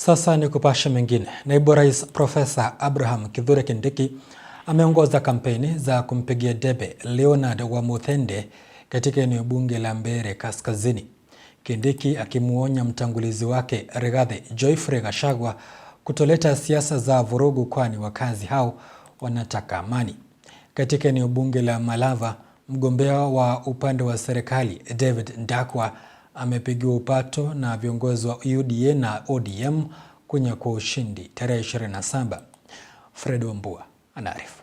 Sasa ni kupasha mengine. Naibu Rais Profesa Abraham Kithure Kindiki ameongoza kampeni za kumpigia debe Leonard Wamuthende katika eneo bunge la Mbeere Kaskazini, Kindiki akimuonya mtangulizi wake Rigathi Joyfrey Gachagua kutoleta siasa za vurugu, kwani wakazi hao wanataka amani. Katika eneo bunge la Malava, mgombea wa upande wa serikali David Ndakwa amepigiwa upato na viongozi wa UDA na ODM kwa ushindi tarehe 27. Fred Wambua anaarifu.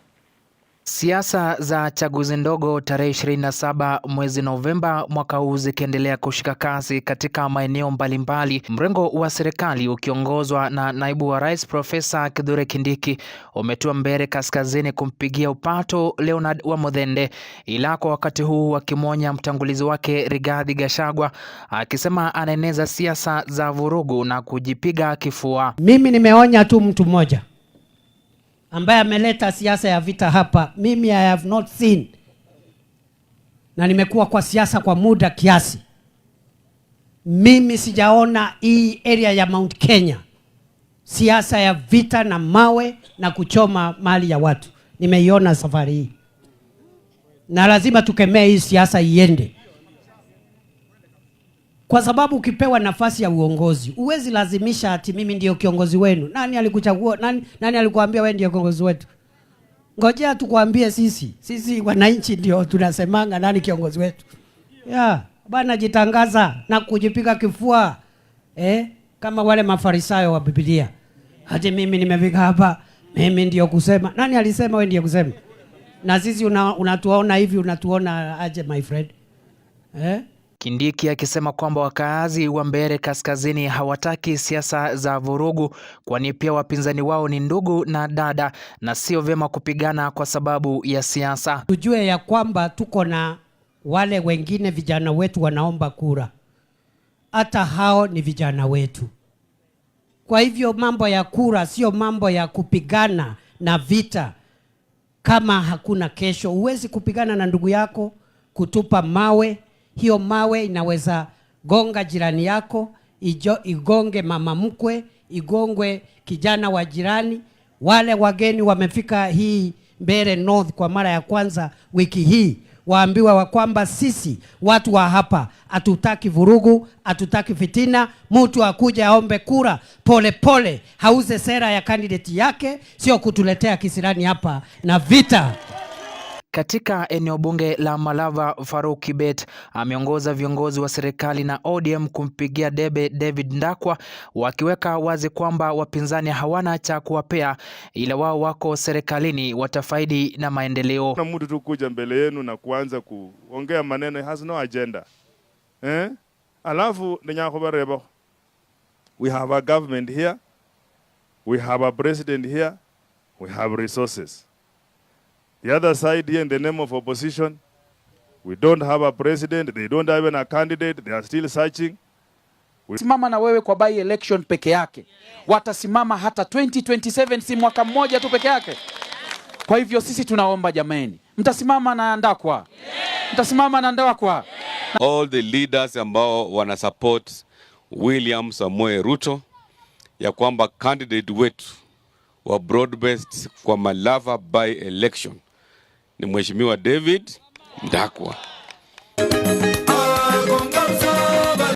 Siasa za chaguzi ndogo tarehe 27 mwezi Novemba mwaka huu zikiendelea kushika kasi katika maeneo mbalimbali, mrengo wa serikali ukiongozwa na naibu wa rais Profesa Kithure Kindiki umetua mbele kaskazini kumpigia upato Leonard Wamuthende, ila kwa wakati huu wakimwonya mtangulizi wake Rigathi Gachagua akisema anaeneza siasa za vurugu na kujipiga kifua. Mimi nimeonya tu mtu mmoja ambaye ameleta siasa ya vita hapa, mimi I have not seen, na nimekuwa kwa siasa kwa muda kiasi, mimi sijaona hii area ya Mount Kenya siasa ya vita na mawe na kuchoma mali ya watu, nimeiona safari hii, na lazima tukemee hii siasa iende. Kwa sababu ukipewa nafasi ya uongozi huwezi lazimisha ati mimi ndiyo kiongozi wenu. Nani alikuchagua? Nani, nani alikuambia wewe ndiyo kiongozi wetu? Ngojea tukwambie sisi, sisi wananchi ndio tunasemanga nani kiongozi wetu. Yeah, bana jitangaza na kujipiga kifua eh, kama wale mafarisayo wa Biblia. Hadi mimi nimefika hapa, mimi ndiyo kusema. Nani alisema wewe ndiyo kusema? Na sisi unatuona una hivi, unatuona aje my friend? Eh? Kindiki akisema kwamba wakaazi wa Mbeere Kaskazini hawataki siasa za vurugu, kwani pia wapinzani wao ni ndugu na dada na sio vyema kupigana kwa sababu ya siasa. Tujue ya kwamba tuko na wale wengine vijana wetu wanaomba kura, hata hao ni vijana wetu. Kwa hivyo mambo ya kura sio mambo ya kupigana na vita. Kama hakuna kesho, huwezi kupigana na ndugu yako, kutupa mawe hiyo mawe inaweza gonga jirani yako, ijo, igonge mama mkwe, igongwe kijana wa jirani. Wale wageni wamefika hii mbele North kwa mara ya kwanza wiki hii waambiwa wa kwamba sisi watu wa hapa hatutaki vurugu, hatutaki fitina. Mtu akuja aombe kura polepole pole, hauze sera ya kandidati yake, sio kutuletea kisirani hapa na vita. Katika eneo bunge la Malava, Faruk Kibet ameongoza viongozi wa serikali na ODM kumpigia debe David Ndakwa, wakiweka wazi kwamba wapinzani hawana cha kuwapea, ila wao wako serikalini, watafaidi na maendeleo. Na mtu tu kuja mbele yenu na kuanza kuongea maneno has no agenda eh? Alafu nenyakobarebo we have a government here we have a president here we have resources The other side here in the name of opposition, we don't have a president, they don't have a candidate, they are still searching. We... simama na wewe kwa by election peke yake watasimama hata 2027 si mwaka mmoja tu peke yake. Kwa hivyo sisi tunaomba jamani, mtasimama na Ndakwa, mtasimama na Ndakwa. All the leaders ambao wana support William Samoe Ruto ya kwamba candidate wetu wa broad based kwa Malava by election ni Mheshimiwa David ndakwa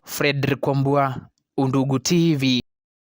Fredrick Kwambua, Undugu TV.